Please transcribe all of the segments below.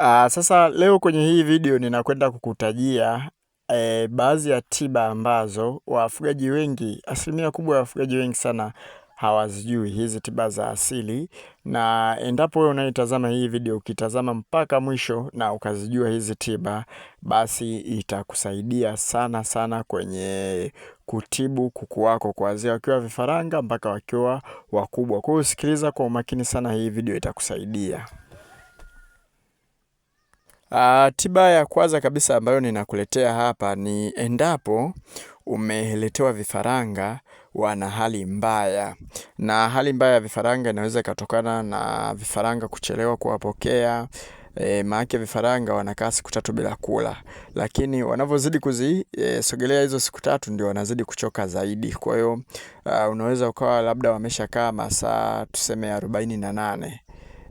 Uh, sasa leo kwenye hii video ninakwenda kukutajia e, baadhi ya tiba ambazo wafugaji wengi, asilimia kubwa ya wafugaji wengi sana hawazijui hizi tiba za asili, na endapo wewe unaitazama hii video ukitazama mpaka mwisho na ukazijua hizi tiba, basi itakusaidia sana sana kwenye kutibu kuku wako kuanzia wakiwa vifaranga mpaka wakiwa wakubwa. Kwa hiyo sikiliza kwa umakini sana, hii video itakusaidia. Uh, tiba ya kwanza kabisa ambayo ninakuletea hapa ni endapo umeletewa vifaranga wana hali mbaya, na hali mbaya ya vifaranga inaweza ikatokana na vifaranga kuchelewa kuwapokea E, eh, maake vifaranga wanakaa siku tatu bila kula, lakini wanavyozidi kuzisogelea eh, e, hizo siku tatu ndio wanazidi kuchoka zaidi. Kwa hiyo uh, unaweza ukawa labda wameshakaa masaa tuseme arobaini na nane,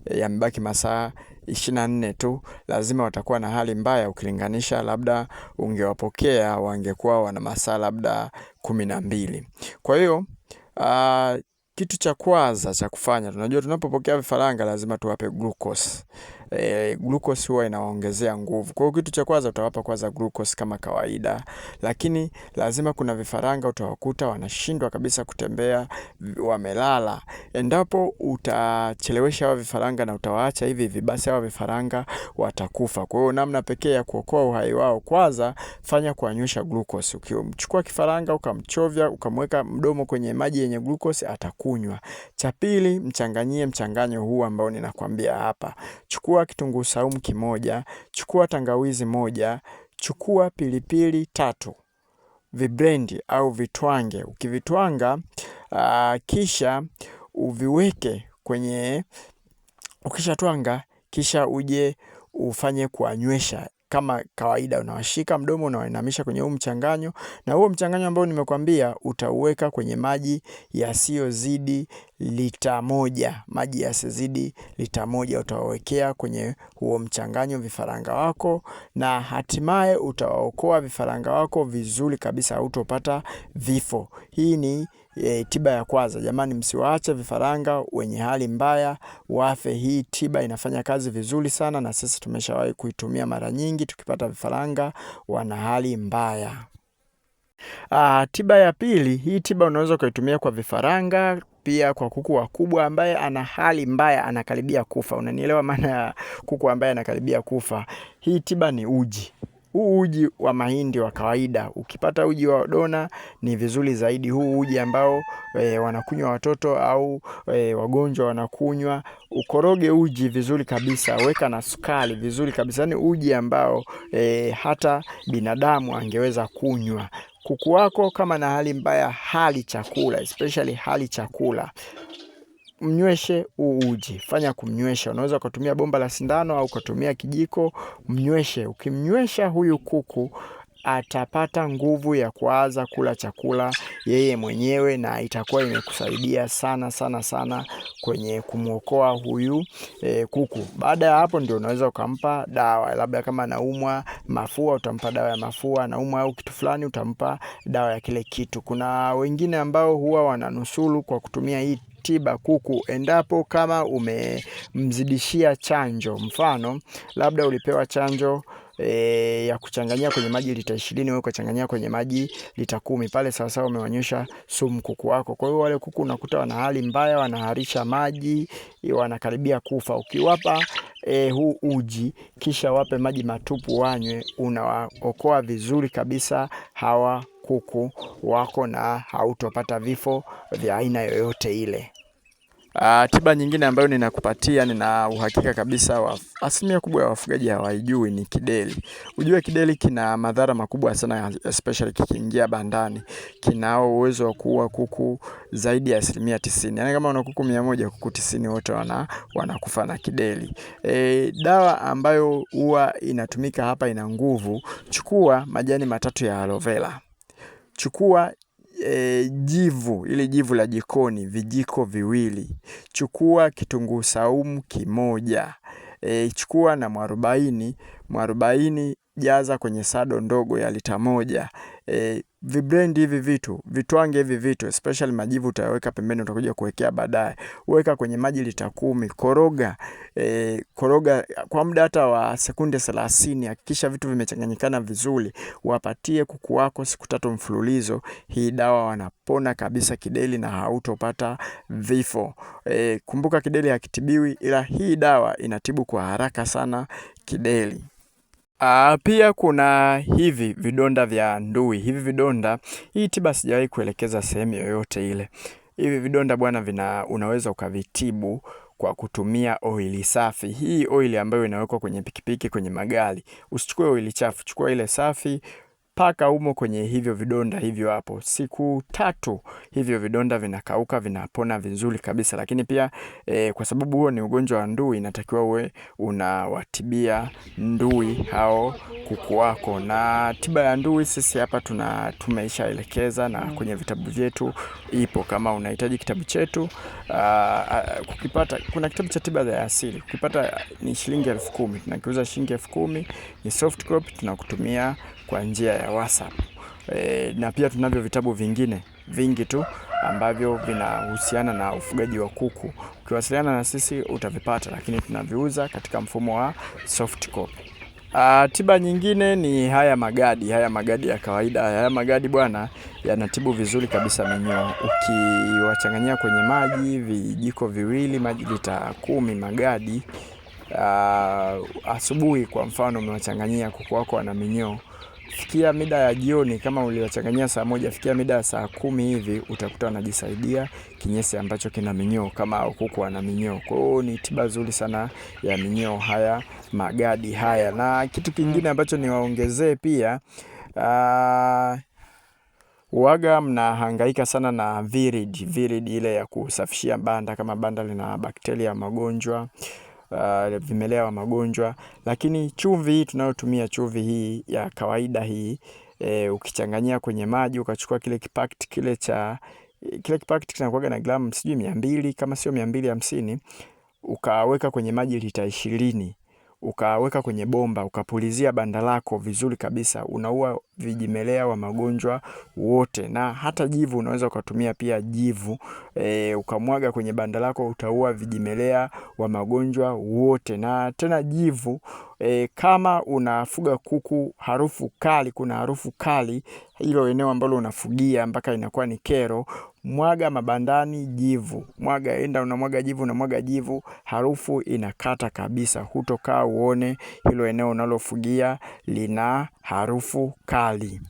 eh, yamebaki masaa ishirini na nne tu, lazima watakuwa na hali mbaya. Ukilinganisha labda ungewapokea wangekuwa wana masaa labda kumi na mbili. Kwa hiyo uh, kitu cha kwanza cha kufanya, tunajua tunapopokea vifaranga lazima tuwape glucose. E, glucose huwa inawaongezea nguvu. Kwa hiyo kitu cha kwanza utawapa kwanza glucose kama kawaida, lakini lazima kuna vifaranga utawakuta wanashindwa kabisa kutembea, wamelala. Endapo utachelewesha hawa vifaranga na utawaacha hivi hivi, basi hawa vifaranga watakufa. Kwa hiyo namna pekee ya kuokoa uhai wao, kwanza fanya kuanywesha glucose. Ukimchukua kifaranga ukamchovya, ukamweka mdomo kwenye maji yenye glucose, atakunywa. Cha pili, mchanganyie mchanganyo huu ambao ninakwambia hapa. Chukua kitunguu saumu kimoja, chukua tangawizi moja, chukua pilipili tatu, vibrendi au vitwange. Ukivitwanga uh, kisha uviweke kwenye ukishatwanga kisha uje ufanye kuwanywesha kama kawaida unawashika mdomo unawainamisha kwenye huu mchanganyo na huo mchanganyo ambao nimekwambia utauweka kwenye maji yasiyozidi lita moja maji yasizidi lita moja utawawekea kwenye huo mchanganyo vifaranga wako na hatimaye utawaokoa vifaranga wako vizuri kabisa hautopata vifo hii ni E, tiba ya kwanza jamani, msiwaache vifaranga wenye hali mbaya wafe. Hii tiba inafanya kazi vizuri sana, na sisi tumeshawahi kuitumia mara nyingi tukipata vifaranga wana hali mbaya. Ah, tiba ya pili, hii tiba unaweza ukaitumia kwa vifaranga pia kwa kuku wakubwa ambaye ana hali mbaya anakaribia kufa. Unanielewa maana ya kuku ambaye anakaribia kufa? Hii tiba ni uji. Huu uji wa mahindi wa kawaida, ukipata uji wa dona ni vizuri zaidi. Huu uji ambao e, wanakunywa watoto au e, wagonjwa wanakunywa, ukoroge uji vizuri kabisa, weka na sukari vizuri kabisa, ni yaani uji ambao e, hata binadamu angeweza kunywa. Kuku wako kama na hali mbaya, hali chakula especially hali chakula mnyweshe huu uji, fanya kumnywesha. Unaweza ukatumia bomba la sindano au ukatumia kijiko, mnyweshe. Ukimnywesha huyu kuku atapata nguvu ya kuanza kula chakula yeye mwenyewe, na itakuwa imekusaidia sana sana sana kwenye kumwokoa huyu e, kuku. Baada ya hapo, ndio unaweza ukampa dawa, labda kama anaumwa mafua utampa dawa ya mafua, anaumwa au kitu fulani utampa dawa ya kile kitu. Kuna wengine ambao huwa wananusuru kwa kutumia hii tiba kuku endapo kama umemzidishia chanjo. Mfano labda ulipewa chanjo E, ya kuchanganyia kwenye maji lita ishirini wewe ukachanganyia kwenye maji lita kumi pale sawasawa, umewanywesha sumu kuku wako. Kwa hiyo wale kuku unakuta wana hali mbaya, wanaharisha maji, wanakaribia kufa. Ukiwapa e, huu uji, kisha wape maji matupu wanywe, unawaokoa vizuri kabisa hawa kuku wako na hautopata vifo vya aina yoyote ile. Uh, tiba nyingine ambayo ninakupatia nina uhakika kabisa wa asilimia kubwa ya wafugaji hawaijui ni kideli Ujue kideli kina madhara makubwa sana especially kikiingia bandani. Kinao uwezo wa kuua kuku zaidi ya asilimia tisini. Yaani kama una kuku mia moja kuku tisini wote wana wanakufa na kideli E, dawa ambayo huwa inatumika hapa ina nguvu. Chukua majani matatu ya aloe vera. Chukua e, jivu ili jivu la jikoni vijiko viwili, chukua kitunguu saumu kimoja, e, chukua na mwarobaini mwarobaini jaza kwenye sado ndogo ya lita moja. E, vibrendi hivi vitu, vitwange hivi vitu, especially majivu utayaweka pembeni, utakuja kuwekea baadaye. Weka kwenye maji lita kumi, koroga e, koroga kwa muda hata wa sekunde 30. Hakikisha vitu vimechanganyikana vizuri. Wapatie kuku wako siku tatu mfululizo, hii dawa wanapona kabisa kideli na hautopata vifo. E, kumbuka kideli hakitibiwi, ila hii dawa inatibu kwa haraka sana kideli. Uh, pia kuna hivi vidonda vya ndui. Hivi vidonda, hii tiba sijawahi kuelekeza sehemu yoyote ile. Hivi vidonda bwana, vina unaweza ukavitibu kwa kutumia oili safi. Hii oili ambayo inawekwa kwenye pikipiki, kwenye magari. Usichukue oili chafu, chukua ile safi mpaka umo kwenye hivyo vidonda hivyo hapo. Siku tatu hivyo vidonda vinakauka, vinapona vizuri kabisa. Lakini pia e, kwa sababu huo ni ugonjwa wa ndui, inatakiwa uwe unawatibia ndui hao kuku wako, na tiba ya ndui sisi hapa tuna tumeishaelekeza na kwenye vitabu vyetu ipo. Kama unahitaji kitabu chetu aa, ah, ah, kukipata, kuna kitabu cha tiba za asili kukipata ni shilingi elfu kumi tunakiuza shilingi elfu kumi ni soft copy tunakutumia kwa njia ya WhatsApp e, na pia tunavyo vitabu vingine vingi tu ambavyo vinahusiana na ufugaji wa kuku. Ukiwasiliana na sisi utavipata, lakini tunaviuza katika mfumo wa soft copy. A, ah, tiba nyingine ni haya magadi, haya magadi ya kawaida. Haya magadi bwana, yanatibu vizuri kabisa minyoo. Ukiwachanganyia kwenye maji vijiko viwili, maji lita kumi, magadi uh, asubuhi, kwa mfano umewachanganyia kuku wako wana minyoo fikia mida ya jioni, kama uliwachanganyia saa moja, fikia mida ya saa kumi hivi utakuta wanajisaidia kinyesi ambacho kina minyoo, kama kuku ana minyoo. Kwa hiyo ni tiba nzuri sana ya minyoo haya magadi haya. Na kitu kingine ambacho niwaongezee pia uh, waga mnahangaika sana na virid, virid ile ya kusafishia banda, kama banda lina bakteria magonjwa uh, wa magonjwa. Lakini chumvi hii tunayotumia, chumvi hii ya kawaida hii e, ukichanganyia kwenye maji ukachukua kile kipakti kile cha kile kipakti kinakuwaga na gramu sijui mia mbili kama sio mia mbili hamsini ukaweka kwenye maji lita ishirini ukaweka kwenye bomba ukapulizia banda lako vizuri kabisa, unaua vijimelea wa magonjwa wote, na hata jivu unaweza ukatumia pia jivu e, ukamwaga kwenye banda lako, utaua vijimelea wa magonjwa wote. Na tena jivu e, kama unafuga kuku harufu kali, kuna harufu kali hilo eneo ambalo unafugia mpaka inakuwa ni kero, mwaga mabandani jivu, mwaga, enda unamwaga jivu, unamwaga jivu, harufu inakata kabisa, hutokaa uone hilo eneo unalofugia lina harufu kali.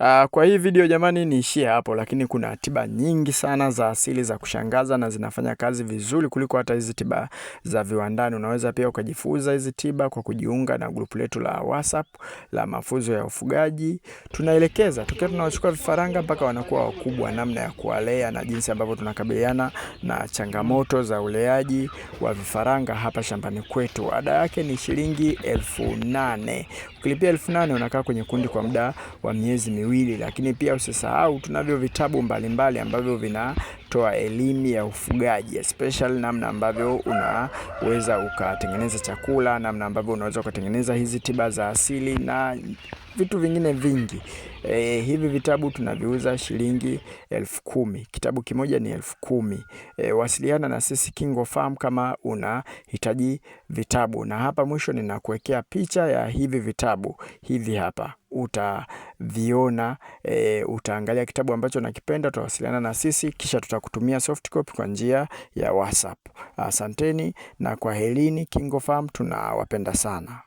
Uh, kwa hii video jamani, niishie hapo, lakini kuna tiba nyingi sana za asili za kushangaza na zinafanya kazi vizuri kuliko hata hizi tiba za viwandani. Unaweza pia ukajifunza hizi tiba kwa kujiunga na grupu letu la WhatsApp la mafunzo ya ufugaji. Tunaelekeza tukiwa tunawachukua vifaranga mpaka wanakuwa wakubwa, namna ya kuwalea na jinsi ambavyo tunakabiliana na changamoto za uleaji wa vifaranga hapa shambani kwetu. Ada yake ni shilingi elfu nane. Ukilipia elfu nane unakaa kwenye kundi kwa muda wa miezi miwili, lakini pia usisahau tunavyo vitabu mbalimbali ambavyo vina kutoa elimu ya ufugaji especially namna ambavyo unaweza ukatengeneza chakula, namna ambavyo unaweza ukatengeneza hizi tiba za asili na vitu vingine vingi. Eh, hivi vitabu tunaviuza shilingi elfu kumi. Kitabu kimoja ni elfu kumi. Eh, wasiliana na sisi Kingo Farm kama unahitaji vitabu, na hapa mwisho ninakuwekea picha ya hivi vitabu hivi hapa utaviona e, utaangalia kitabu ambacho nakipenda, utawasiliana na sisi, kisha tutakutumia soft copy kwa njia ya WhatsApp. Asanteni na kwaherini, KingoFarm tunawapenda sana.